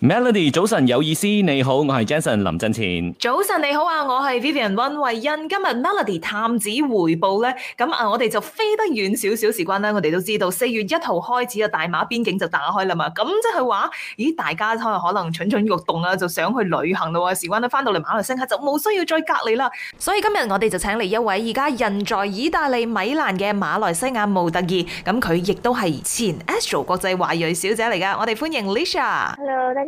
Melody，早晨有意思，你好，我係 Jason 林振前。早晨你好啊，我係 Vivian 溫慧欣。今日 Melody 探子回報咧，咁啊，我哋就飛得遠少少。事關啦。我哋都知道四月一號開始嘅大馬邊境就打開啦嘛，咁即係話，咦，大家可能蠢蠢欲動啊，就想去旅行啦。事關都翻到嚟馬來西亞就冇需要再隔離啦。所以今日我哋就請嚟一位而家人在意大利米蘭嘅馬來西亞模特兒，咁佢亦都係前 Astro 國際華裔小姐嚟噶。我哋歡迎 Lisa。Hello。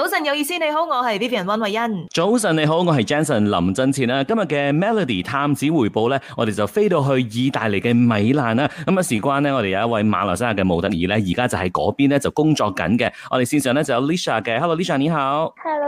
早晨有意思，你好，我係 Vivian 溫慧欣。早晨你好，我係 Jensen 林振前。啊。今日嘅 Melody 探子回報咧，我哋就飛到去意大利嘅米蘭啦。咁啊，事關呢，我哋有一位馬來西亞嘅模特兒咧，而家就喺嗰邊咧就工作緊嘅。我哋線上咧就有 Lisa 嘅，Hello Lisa，你好。Hello。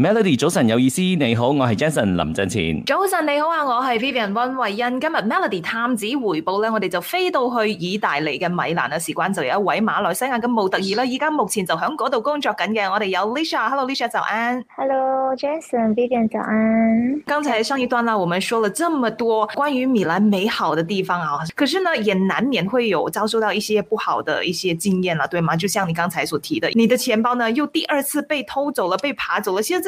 Melody 早晨有意思，你好，我係 Jason 林振前。早晨你好啊，我係 Vivian 溫慧欣。今日 Melody 探子回報咧，我哋就飛到去意大利嘅米蘭啦。事關就有一位馬來西亞嘅模特兒啦，而家目前就響嗰度工作緊嘅。我哋有 Lisa，Hello Lisa，早安。Hello Jason，Vivian，早安。剛才上一段啦，我們說了這麼多關於米蘭美好的地方啊，可是呢，也難免會有遭受到一些不好的一些經驗啦，對嗎？就像你剛才所提的，你的錢包呢又第二次被偷走了，被扒走了，現在。